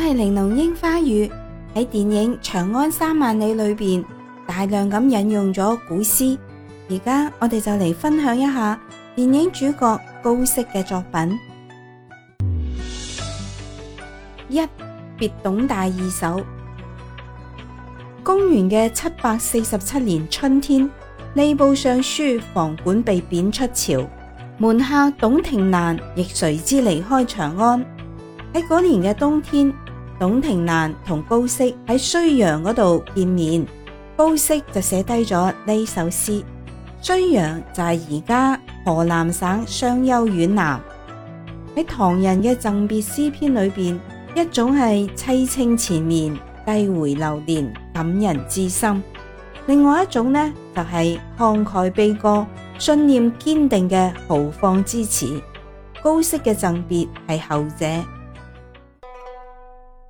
我係玲瓏櫻花語喺電影《長安三萬里》裏邊大量咁引用咗古詩，而家我哋就嚟分享一下電影主角高適嘅作品《一別董大二首》。公元嘅七百四十七年春天，吏部尚書房管被貶出朝，門下董庭蘭亦隨之離開長安。喺嗰年嘅冬天。董庭蘭同高適喺睢陽嗰度見面，高適就寫低咗呢首詩。睢陽就係而家河南省商丘縣南。喺唐人嘅贈別詩篇裏邊，一種係淒清纏綿、低回流連感人至深；另外一種呢，就係、是、慷慨悲歌、信念堅定嘅豪放之詞。高適嘅贈別係後者。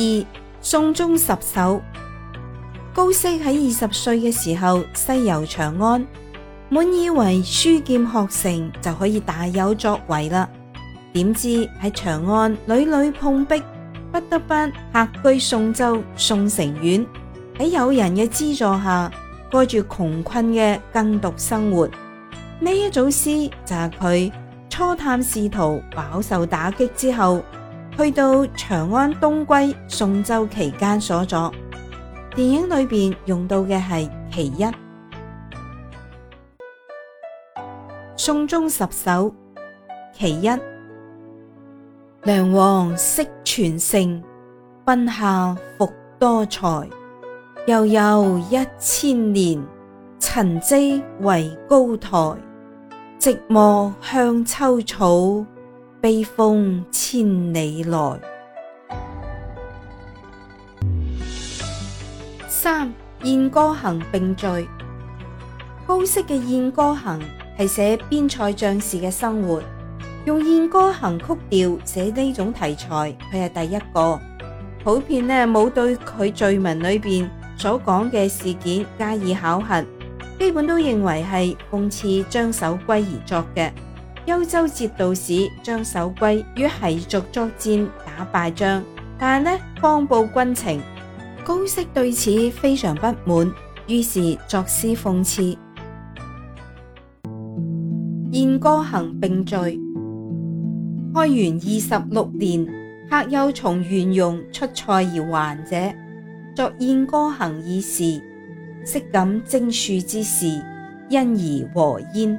二《宋中十首》，高適喺二十歲嘅時候西遊長安，滿以為書劍學成就可以大有作為啦。點知喺長安屢屢屢碰壁，不得不客居宋州宋城縣。喺友人嘅資助下，過住窮困嘅耕讀生活。呢一組詩就係佢初探仕途飽受打擊之後。去到長安東歸宋州期間所作，電影裏邊用到嘅係其一《宋中十首》其一。梁王昔全盛，賓下復多才。悠悠一千年，陳跡為高台，寂寞向秋草。悲風千里來。三《燕歌行》並序，高適嘅《燕歌行》係寫邊塞將士嘅生活，用燕歌行曲調寫呢種題材，佢係第一個。普遍呢，冇對佢序文裏邊所講嘅事件加以考核，基本都認為係諷刺張守圭而作嘅。幽州節度使張守珪與奚族作戰打敗仗，但呢，方報軍情，高適對此非常不滿，於是作詩諷刺。燕歌行並序。開元二十六年，客有從元戎出塞而還者，作燕歌行以示，適感征戍之事，因而和焉。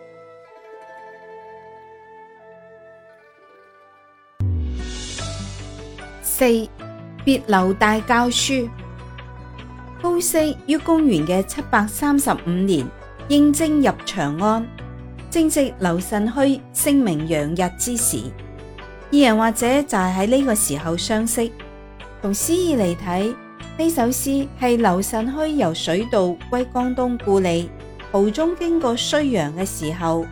四別劉大教書，高適於公元嘅七百三十五年應徵入長安，正值劉慎虛聲名揚日之時，二人或者就係喺呢個時候相識。從詩意嚟睇，呢首詩係劉慎虛由水道歸江東故里途中經過睢陽嘅時候，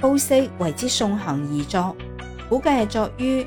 高適為之送行而作，估計係作於。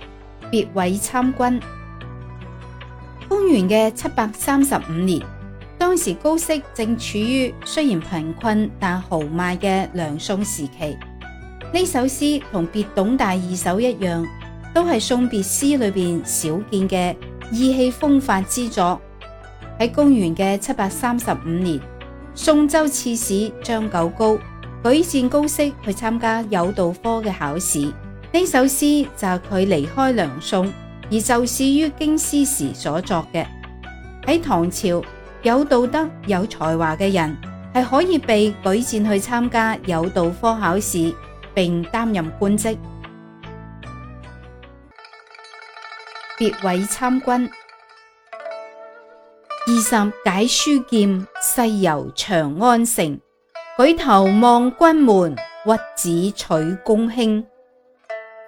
別韋參軍，公元嘅七百三十五年，當時高適正處於雖然貧困但豪邁嘅梁宋時期。呢首詩同別董大二首一樣，都係送別詩裏邊少見嘅意氣風發之作。喺公元嘅七百三十五年，宋州刺史張九皋舉薦高適去參加有道科嘅考試。呢首詩就係佢離開梁宋而就試於京師時所作嘅。喺唐朝有道德有才華嘅人係可以被舉薦去參加有道科考試，並擔任官職。別韋參軍，二十解書劍，西游長安城。舉頭望君門，屈指取公卿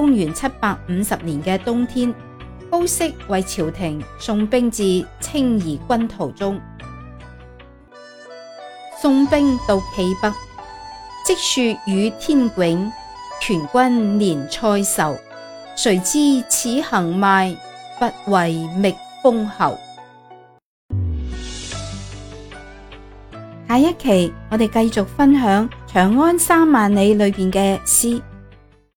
公元七百五十年嘅冬天，高適為朝廷送兵至清夷軍途中，送兵到薊北，積雪與天迥，全軍連塞愁。誰知此行邁，不為覓封侯。下一期我哋繼續分享《長安三萬里》裡邊嘅詩。